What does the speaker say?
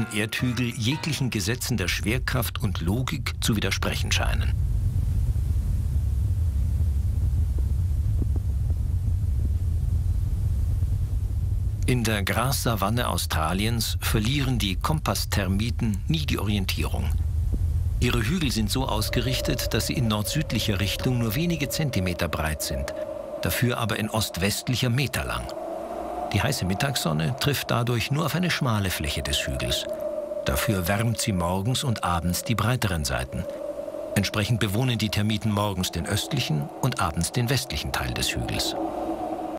geformten Erdhügel jeglichen Gesetzen der Schwerkraft und Logik zu widersprechen scheinen. In der Grassavanne Australiens verlieren die Kompasstermiten nie die Orientierung. Ihre Hügel sind so ausgerichtet, dass sie in nord-südlicher Richtung nur wenige Zentimeter breit sind, dafür aber in ostwestlicher Meter lang. Die heiße Mittagssonne trifft dadurch nur auf eine schmale Fläche des Hügels. Dafür wärmt sie morgens und abends die breiteren Seiten. Entsprechend bewohnen die Termiten morgens den östlichen und abends den westlichen Teil des Hügels.